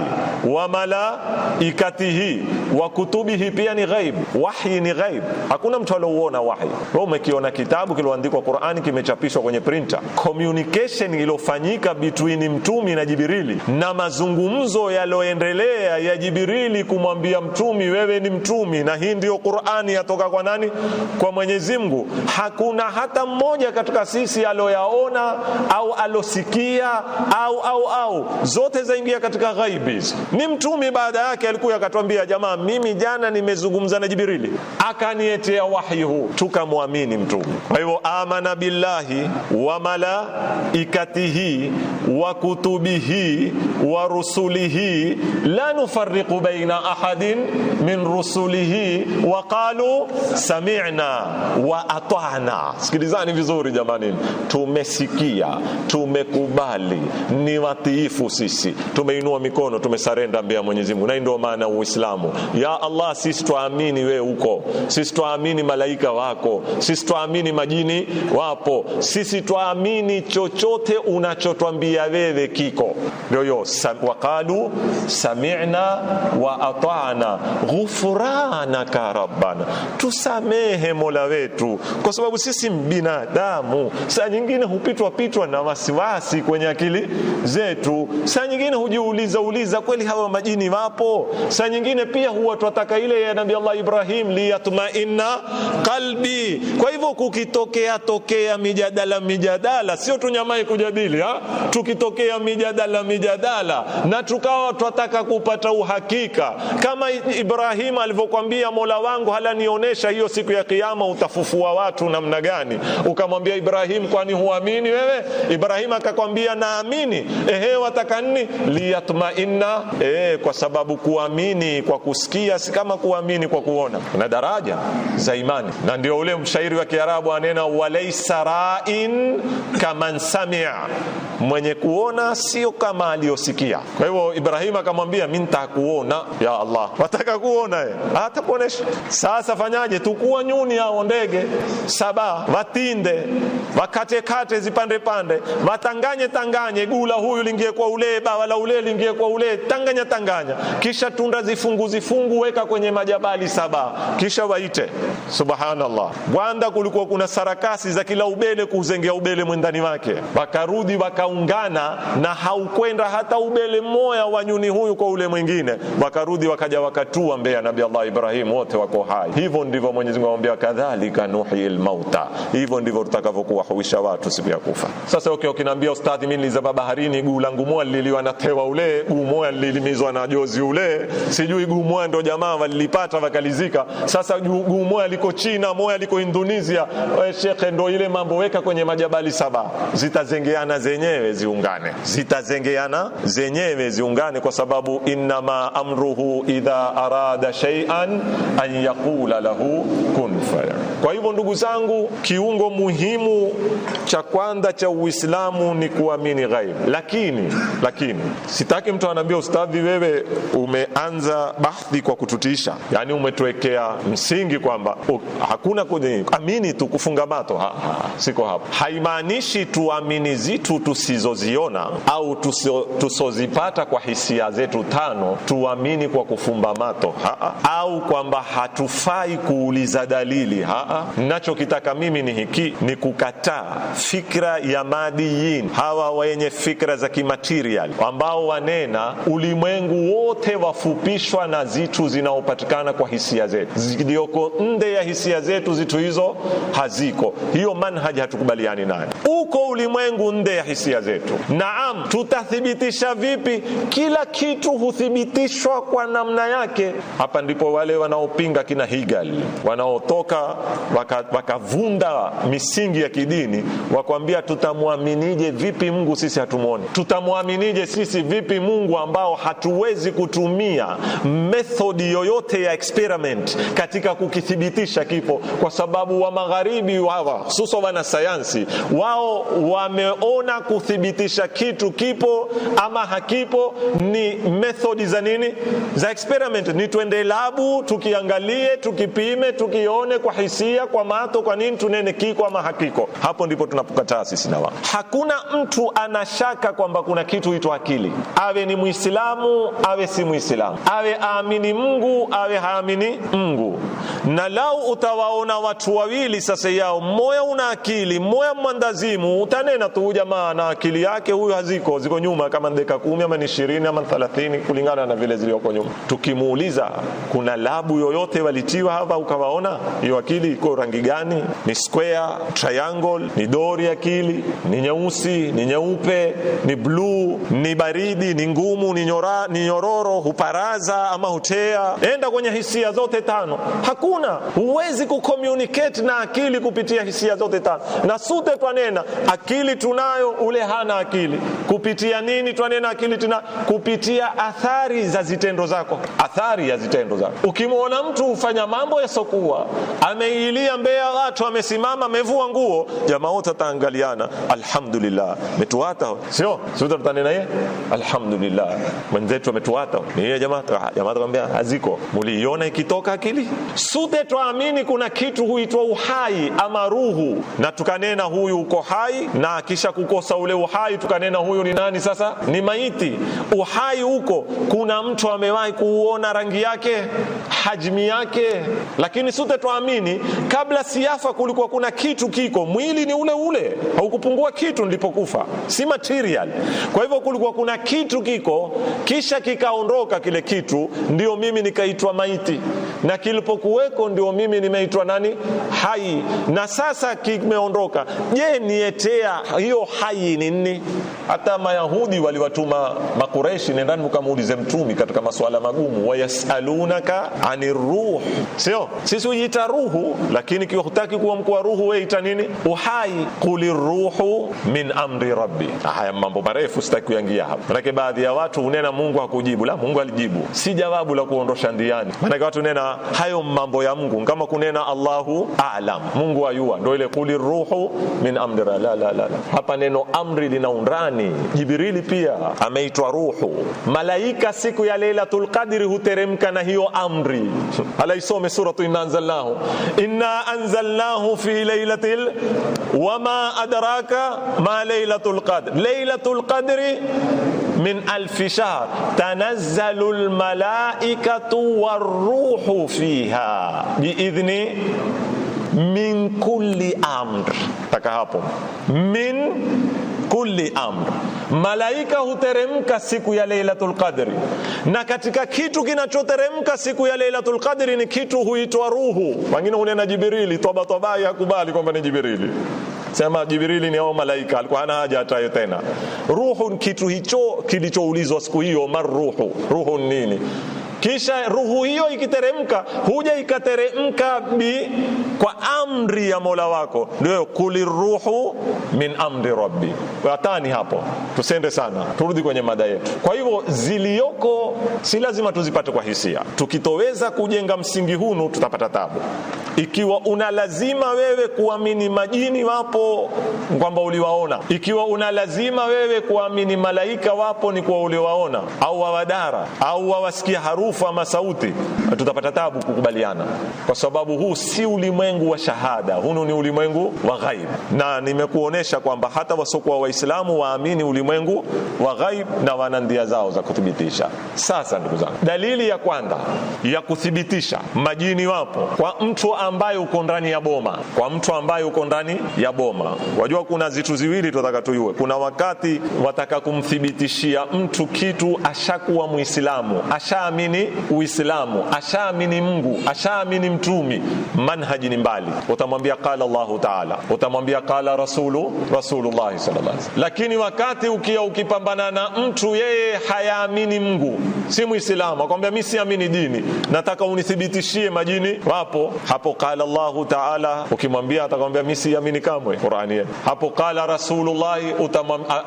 S5: wa malaikatihi wa kutubihi, pia ni ghaib. Wahyi ni ghaib, hakuna mtu aliouona wahyi. Wewe umekiona kitabu kiloandikwa Qur'ani, kimechapishwa kwenye printer. Communication ilofanyika between mtumi na Jibrili na mazungumzo yaloendelea ya Jibrili kumwambia mtumi, wewe ni mtumi na hii ndio Qur'ani, yatoka kwa nani? Kwa Mwenyezi Mungu. Hakuna hata mmoja katika sisi aloyaona au alosikia au au au zote zaingia katika katika ghaibi Ni mtume baada yake alikuja akatwambia, jamaa, mimi jana nimezungumza na Jibrili akanietea wahi huu, tukamwamini mtume. Kwa hivyo amana billahi wa malaikatihi wa kutubihi wa rusulihi la nufarriqu baina ahadin min rusulihi wa qalu sami'na wa ata'na. Sikilizani vizuri jamani, tumesikia tumekubali, ni watiifu sisi tume tumeinua mikono tumesarenda mbele ya Mwenyezi Mungu, na ndio maana Uislamu. Ya Allah, sisi twaamini we uko, sisi twaamini malaika wako, sisi twaamini majini wapo, sisi twaamini chochote unachotwambia wewe kiko. Ndio hiyo waqalu sami'na wa ata'na ghufranaka rabbana, tusamehe mola wetu, kwa sababu sisi binadamu saa nyingine hupitwa pitwa na wasiwasi kwenye akili zetu, saa nyingine huji ukiuliza uliza kweli hawa majini wapo? Saa nyingine pia huwa twataka ile ya Nabii Allah Ibrahim, liyatmaina qalbi. Kwa hivyo kukitokea tokea mijadala mijadala, sio tunyamai kujadili ha? tukitokea mijadala mijadala na tukawa twataka kupata uhakika kama Ibrahim alivyokwambia Mola wangu halanionyesha hiyo siku ya kiyama utafufua watu namna gani? Ukamwambia Ibrahim, kwani huamini wewe? Ibrahim akakwambia naamini. Ehe, wataka nini? liyatmainna e, kwa sababu kuamini kwa kusikia si kama kuamini kwa kuona, kuna daraja za imani. Na ndio ule mshairi wa Kiarabu anena walaisa rain kaman samia, mwenye kuona sio kama aliyosikia. Kwa hivyo ibrahimu akamwambia mi ntakuona, ya Allah, wataka kuona e, atakuonesha. sasa. Fanyaje? tukua nyuni ao ndege saba watinde, wakatekate zipandepande zipande pande, watanganye tanganye, gula huyu lingie kwa ule, bawa la ule lingie kwa ule tanganya tanganya, kisha tunda zifungu zifungu, weka kwenye majabali saba, kisha waite. Subhanallah, Bwanda kulikuwa kuna sarakasi za kila ubele kuzengea ubele mwendani wake, wakarudi wakaungana, na haukwenda hata ubele mmoja wa nyuni huyu kwa ule mwingine, wakarudi wakaja wakatua mbele ya Nabii Allah Ibrahim, wote wako hai. Hivyo ndivyo Mwenyezi Mungu amwambia, kadhalika nuhi almauta, hivyo ndivyo huisha watu siku ya kufa. Sasa okay, okay, ustadhi, mimi nilizama baharini, guu langu moja liliwa na tewa ule gumoya lilimizwa na jozi ule, sijui gumoya ndo jamaa walilipata wakalizika. Sasa gumoya liko China, moya liko Indonesia. E, shekhe, ndo ile mambo, weka kwenye majabali saba, zitazengeana zenyewe ziungane, zitazengeana zenyewe ziungane, kwa sababu innama amruhu idha arada shay'an an yaqula lahu kun fayakun. Kwa hivyo ndugu zangu, kiungo muhimu cha kwanza cha Uislamu ni kuamini ghaibu, lakini lakini Sitaki mtu anaambia ustadhi, wewe umeanza bahthi kwa kututisha, yani umetuwekea msingi kwamba hakuna kwenye amini tu mato Ha, ha, siko hapo. Haimaanishi tuamini zitu tusizoziona au tusozipata kwa hisia zetu tano tuamini kwa kufumba mato ha, ha, au kwamba hatufai kuuliza dalili ha, ha. Nachokitaka mimi ni hiki, ni kukataa fikra ya madiyin hawa wenye fikra za kimaterial ambao wanena, ulimwengu wote wafupishwa na zitu zinaopatikana kwa hisia zetu, zilioko nde ya hisia zetu, zitu hizo haziko. Hiyo manhaji hatukubaliani nayo. Uko ulimwengu nde ya hisia zetu. Naam, tutathibitisha vipi? Kila kitu huthibitishwa kwa namna yake. Hapa ndipo wale wanaopinga kina Hegel wanaotoka wakavunda waka misingi ya kidini, wakwambia tutamwaminije vipi Mungu sisi hatumwoni? Tutamwaminije sisi vipi vipi Mungu ambao hatuwezi kutumia methodi yoyote ya experiment katika kukithibitisha kifo, kwa sababu wa magharibi hawa hususan wanasayansi wao wameona kuthibitisha kitu kipo ama hakipo ni methodi za nini, za experiment, ni twende labu tukiangalie, tukipime, tukione kwa hisia, kwa mato, kwa nini, tunene kiko ama hakiko. Hapo ndipo tunapokataa sisi na wao. Hakuna mtu anashaka kwamba kuna kitu huitwa akili awe ni Muislamu awe si Muislamu, awe aamini Mungu awe haamini Mungu. Na lau utawaona watu wawili sasa yao, mmoja una akili, mmoja mwandazimu, utanena tu jamaa na akili yake huyu haziko ziko nyuma, kama dakika kumi ama ni ishirini ama thelathini, kulingana na vile zilioko nyuma. Tukimuuliza kuna labu yoyote walitiwa hapa, ukawaona hiyo akili iko rangi gani? Ni square, triangle, ni dori akili, ni nyeusi, ni nyeupe, ni bluu, ni baridi zaidi, ni ngumu, ni, nyora, ni nyororo, huparaza ama hutea. Enda kwenye hisia zote tano, hakuna, huwezi kucommunicate na akili kupitia hisia zote tano. Na sute twanena akili tunayo, ule hana akili. Kupitia nini twanena akili tuna? Kupitia athari za zitendo zako, athari ya zitendo zako. Ukimwona mtu hufanya mambo yasokuwa, ameilia mbea watu, amesimama amevua nguo, jamaa wote ataangaliana, alhamdulillah metuata sio sute tutanena ye alhamdulillah, mwenzetu ametuata niile jamaa jamaa, akamwambia haziko, muliiona ikitoka akili sute, twaamini kuna kitu huitwa uhai ama ruhu, na tukanena huyu uko hai, na kisha kukosa ule uhai tukanena huyu ni nani? Sasa ni maiti. Uhai uko, kuna mtu amewahi kuuona rangi yake, hajmi yake, lakini sute twaamini kabla siafa kulikuwa kuna kitu kiko, mwili ni ule ule, haukupungua kitu nilipokufa, si material. Kwa hivyo kulikuwa kuna kitu kitu kiko kisha kikaondoka kile kitu ndio mimi nikaitwa maiti na kilipokuweko ndio mimi nimeitwa nani hai na sasa kimeondoka je nietea hiyo hai ni nini hata mayahudi waliwatuma makureshi nendani mkamuulize mtumi katika masuala magumu wayasalunaka ani ruh sio sisi ujiita ruhu lakini ikiwa hutaki kuwa mkuu wa ruhu weita nini uhai kuli ruhu min amri rabbi haya mambo marefu sitaki kuyangia hapa yake baadhi ya watu unena Mungu hakujibu. La, Mungu alijibu, si jawabu la kuondosha ndiani. Maanake watu nena hayo mambo ya Mungu kama kunena Allahu a'lam, Mungu ayua, ndio ile kuli ruhu min amri. La, la, la, la. Hapa neno amri lina undani. Jibrili pia ameitwa ruhu, malaika siku ya Lailatul Qadri huteremka na hiyo amri. Alaisome suratu inna anzalnahu inna anzalnahu fi lailatil wama adraka ma lailatul qadr lailatul qadri min alfi shahr tanazzalu almalaikatu waruhu fiha biidhni min kulli amr taka hapo min kulli amr, malaika huteremka siku ya Lailatul Qadri, na katika kitu kinachoteremka siku ya Lailatul Qadri ni kitu huitwa ruhu. Wengine hunena Jibrili, toba toba, yakubali kwamba ni Jibrili sema Jibrili ni au malaika, alikuwa hana haja atayo tena. Ruhun, kitu hicho kilichoulizwa siku hiyo, marruhu ruhu nini? Kisha ruhu hiyo ikiteremka, huja ikateremka bi kwa amri ya Mola wako, ndio kuli ruhu min amri rabbi. Watani hapo, tusende sana, turudi kwenye mada yetu. Kwa hivyo ziliyoko si lazima tuzipate kwa hisia. Tukitoweza kujenga msingi hunu, tutapata tabu. Ikiwa una lazima wewe kuamini majini wapo, kwamba uliwaona. Ikiwa una lazima wewe kuamini malaika wapo, ni kwa uliwaona au wawadara au wawasikia harufu ama sauti, tutapata tabu kukubaliana, kwa sababu huu si ulimwengu wa shahada, hunu ni ulimwengu wa ghaib, na nimekuonesha kwamba hata wasokuwa Waislamu waamini ulimwengu wa ghaib na wana ndia zao za kuthibitisha. Sasa ndugu zangu, dalili ya kwanza ya kuthibitisha majini wapo kwa mtu wa ambaye uko ndani ya boma, kwa mtu ambaye uko ndani ya boma. Wajua kuna zitu ziwili tunataka tuyue. Kuna wakati wataka kumthibitishia mtu kitu, ashakuwa Muislamu, ashaamini Uislamu, ashaamini Mungu, ashaamini mtumi, manhaji ni mbali. Utamwambia qala Allahu taala, utamwambia qala rasulu rasulullah sallallahu alaihi wasallam. Lakini wakati ukia ukipambana na mtu yeye hayaamini Mungu, si Muislamu, akwambia mimi siamini dini, nataka unithibitishie majini wapo hapo qala Allahu taala, ukimwambia atakwambia mimi siamini kamwe Qur'ani yetu. Hapo qala Rasulullah,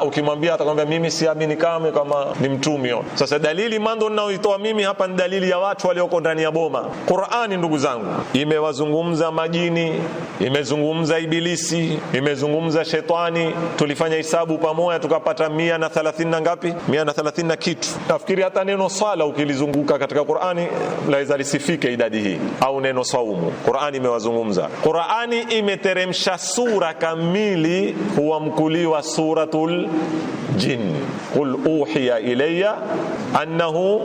S5: ukimwambia atakwambia mimi siamini kamwe kama ni mtumio. Sasa dalili mando ninaoitoa mimi hapa ni dalili ya watu walioko ndani ya boma. Qur'ani, ndugu zangu, imewazungumza majini, imezungumza ibilisi, imezungumza shetani. Tulifanya hisabu pamoja tukapata mia na thelathini na ngapi? Mia na thelathini na kitu. Nafikiri hata neno swala ukilizunguka katika Qur'ani laweza lisifike idadi hii, au neno saumu Qur'ani imewazungumza. Qur'ani imeteremsha sura kamili, huamkuliwa suratul jin, qul uhiya ilayya annahu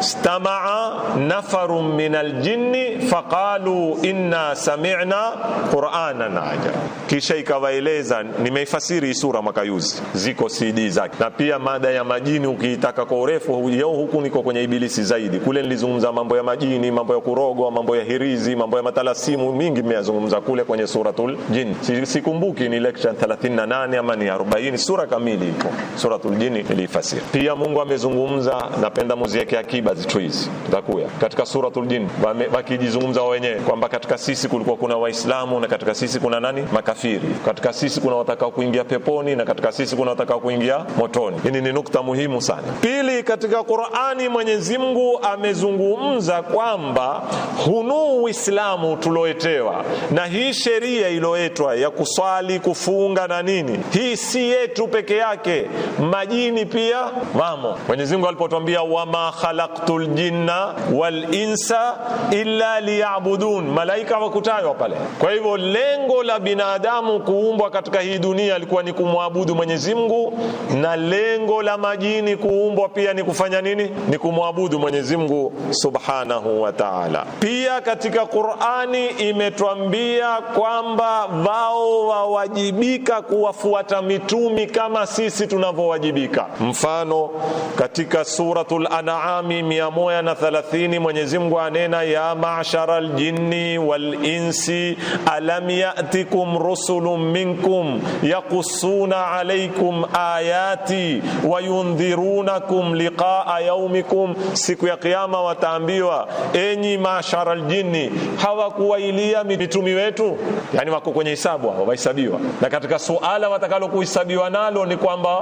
S5: istama'a nafarun minal jinni faqalu inna sami'na qur'anan aja, kisha ikawaeleza. Nimeifasiri sura makayuzi, ziko CD zake, na pia mada ya majini ukiitaka kwa urefu yao, huku niko kwenye ibilisi zaidi. Kule nilizungumza mambo ya majini, mambo ya kurogwa, mambo ya hirizi, mambo ya matala simu mingi mmeyazungumza kule kwenye suratul jin. Sikumbuki ni lecture 38 ama ni 40, sura kamili ipo. Suratul jin ilifasiri. Pia Mungu amezungumza, napenda muzieke akiba zitu hizi tutakuya katika suratul jin, wakijizungumza wenyewe kwamba katika sisi kulikuwa kuna Waislamu na katika sisi kuna nani makafiri, katika sisi kuna watakao kuingia peponi na katika sisi kuna watakao kuingia motoni. Hii ni nukta muhimu sana. Pili, katika Qur'ani Mwenyezi Mungu amezungumza kwamba hunu Uislamu tuloetewa na hii sheria iloetwa ya kuswali kufunga na nini, hii si yetu peke yake, majini pia wamo. Mwenyezi Mungu alipotwambia wama khalaqtul jinna wal insa illa liya'budun, malaika wakutajwa pale. Kwa hivyo lengo la binadamu kuumbwa katika hii dunia alikuwa ni kumwabudu Mwenyezi Mungu, na lengo la majini kuumbwa pia ni kufanya nini? Ni kumwabudu Mwenyezi Mungu subhanahu wa ta'ala. Pia katika Qur'an Qurani imetwambia kwamba wao wawajibika kuwafuata mitumi kama sisi tunavyowajibika. Mfano katika Suratul An'ami 130 Mwenyezi Mungu anena, ya ma'shara aljinni wal insi alam ya'tikum rusulun minkum yaqussuna alaykum ayati wa yundhirunakum liqa'a yawmikum, siku ya kiyama wataambiwa, enyi ma'shara aljinni hawa kuwailia mitumi wetu? Yani wako kwenye hisabu hao, wahesabiwa. Na katika suala watakalo kuhesabiwa nalo ni kwamba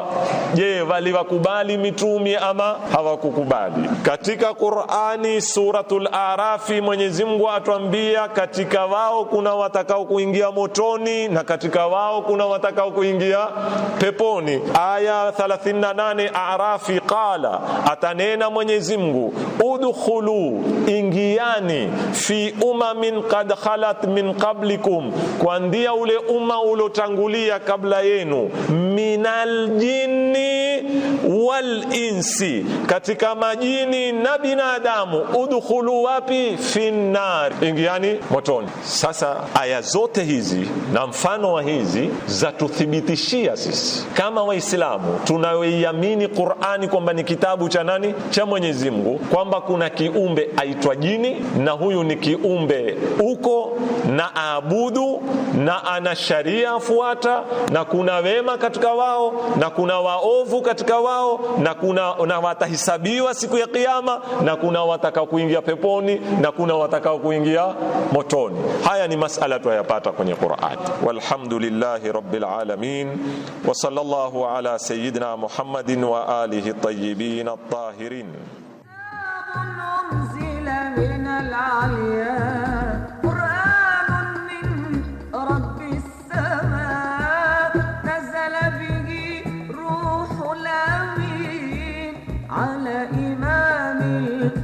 S5: je, waliwakubali mitumi ama hawakukubali? Katika Qur'ani suratul Arafi, Mwenyezi Mungu atuambia katika wao kuna watakao kuingia motoni na katika wao kuna watakao kuingia peponi. Aya 38 Arafi, qala atanena Mwenyezi Mungu udkhulu, ingiani fi umamin qad khalat min qablikum, kwandia ule umma uliotangulia kabla yenu, minal jinni wal insi, katika majini na binadamu. Udkhulu wapi? Finnar, ingiani motoni. Sasa aya zote hizi na mfano wa hizi zatuthibitishia sisi kama Waislamu tunayoiamini Qur'ani kwamba ni kitabu cha nani? Cha Mwenyezi Mungu, kwamba kuna kiumbe aitwa jini na huyu ni kiumbe uko na aabudu na ana sharia afuata, na kuna wema katika wao na kuna waovu katika wao, na kuna na watahisabiwa siku ya Kiyama, na kuna watakao kuingia peponi na kuna watakao kuingia motoni. Haya ni masala tunayapata kwenye Qur'an. Walhamdulillahi rabbil alamin wa sallallahu ala sayyidina Muhammadin wa alihi tayyibin at-tahirin
S3: ربنا العليا قرآن من رب السماء نزل به روح الأمين على إمام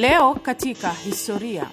S3: Leo katika historia.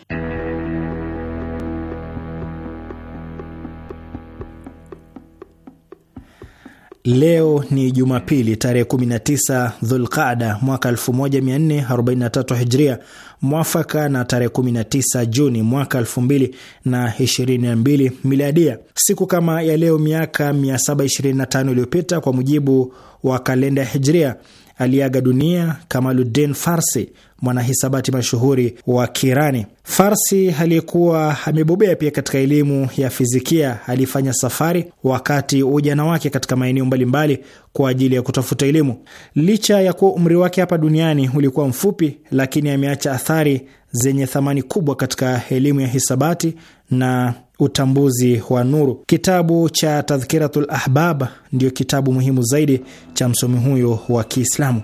S2: Leo ni Jumapili tarehe 19 Dhulqada mwaka 1443 Hijria, mwafaka na tarehe 19 Juni mwaka 2022 Miladia. Siku kama ya leo miaka 725 iliyopita, kwa mujibu wa kalenda ya Hijria, aliyeaga dunia Kamaluddin Farsi, mwanahisabati mashuhuri wa Kirani. Farsi aliyekuwa amebobea pia katika elimu ya fizikia alifanya safari wakati wa ujana wake katika maeneo mbalimbali kwa ajili ya kutafuta elimu. Licha ya kuwa umri wake hapa duniani ulikuwa mfupi, lakini ameacha athari zenye thamani kubwa katika elimu ya hisabati na utambuzi wa nuru. Kitabu cha Tadhkiratul Ahbab ndiyo kitabu muhimu zaidi cha msomi huyo wa Kiislamu.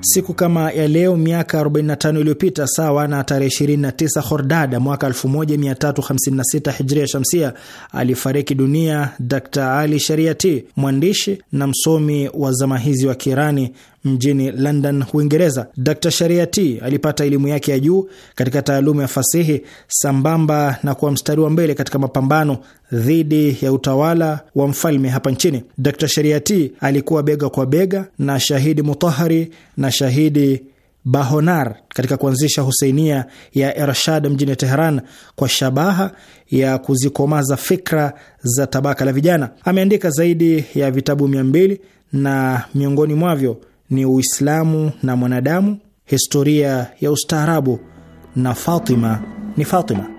S2: Siku kama ya leo miaka 45 iliyopita, sawa na tarehe 29 Khordada mwaka 1356 Hijria Shamsia, alifariki dunia Dr Ali Shariati, mwandishi na msomi wa zama hizi wa Kirani mjini London, Uingereza. Dr Shariati alipata elimu yake ya juu katika taaluma ya fasihi sambamba na kuwa mstari wa mbele katika mapambano dhidi ya utawala wa mfalme hapa nchini. Dr Shariati alikuwa bega kwa bega na Shahidi Mutahari na Shahidi Bahonar katika kuanzisha huseinia ya Ershad mjini Teheran kwa shabaha ya kuzikomaza fikra za tabaka la vijana. Ameandika zaidi ya vitabu mia mbili na miongoni mwavyo ni Uislamu na mwanadamu, historia ya ustaarabu na Fatima ni Fatima.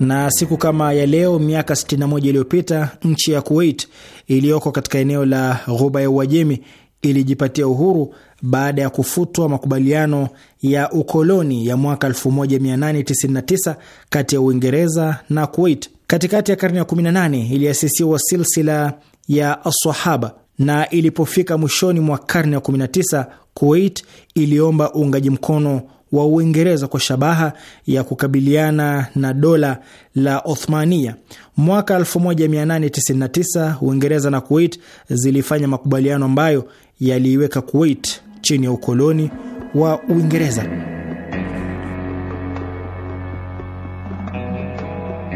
S2: Na siku kama ya leo miaka 61 iliyopita nchi ya Kuwait iliyoko katika eneo la Ghuba ya Uajemi ilijipatia uhuru baada ya kufutwa makubaliano ya ukoloni ya mwaka 1899 kati ya Uingereza na Kuwait. Katikati ya karne ya 18 iliasisiwa silsila ya Aswahaba na ilipofika mwishoni mwa karne ya 19 Kuwait iliomba uungaji mkono wa Uingereza kwa shabaha ya kukabiliana na dola la Othmania. Mwaka 1899 Uingereza na Kuwait zilifanya makubaliano ambayo yaliiweka Kuwait chini ya ukoloni wa Uingereza.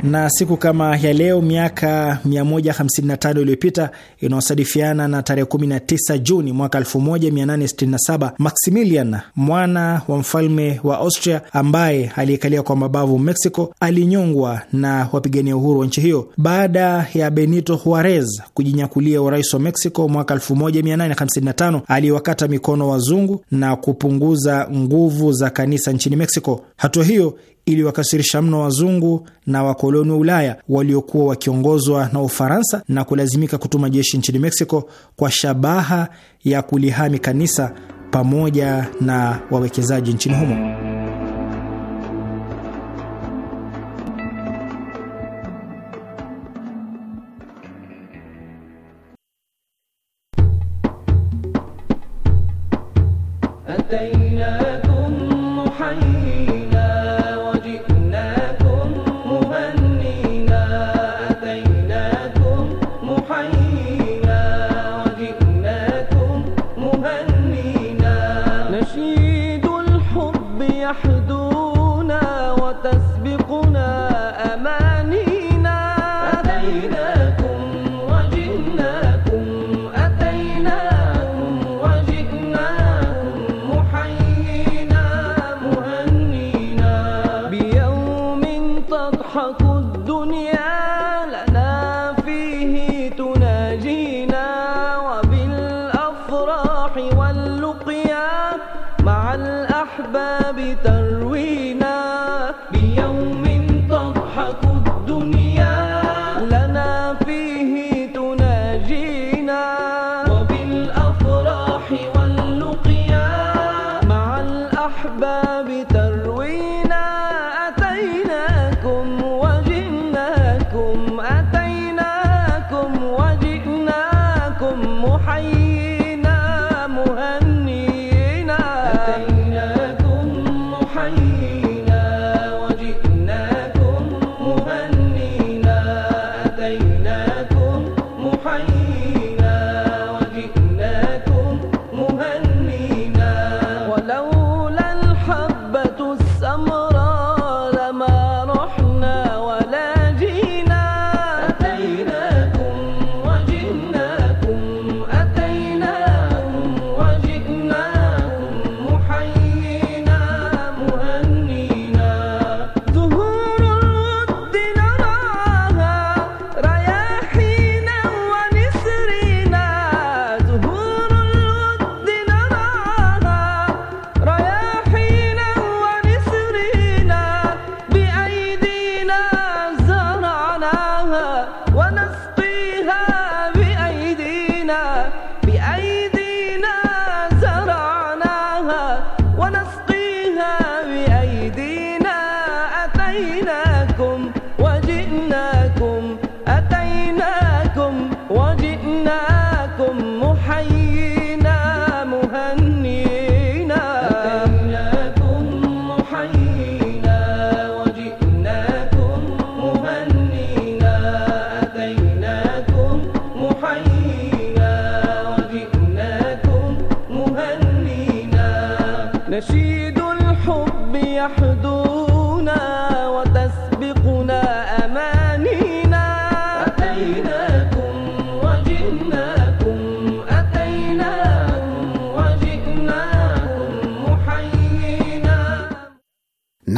S2: na siku kama ya leo miaka 155 iliyopita inayosadifiana na tarehe 19 Juni mwaka 1867, Maximilian mwana wa mfalme wa Austria ambaye aliyekalia kwa mabavu Mexico alinyongwa na wapigania uhuru wa nchi hiyo baada ya Benito Juarez kujinyakulia urais wa Mexico mwaka 1855. Aliwakata mikono wazungu na kupunguza nguvu za kanisa nchini Mexico. Hatua hiyo ili wakasirisha mno wazungu na wakoloni wa Ulaya waliokuwa wakiongozwa na Ufaransa na kulazimika kutuma jeshi nchini Mexico kwa shabaha ya kulihami kanisa pamoja na wawekezaji nchini humo.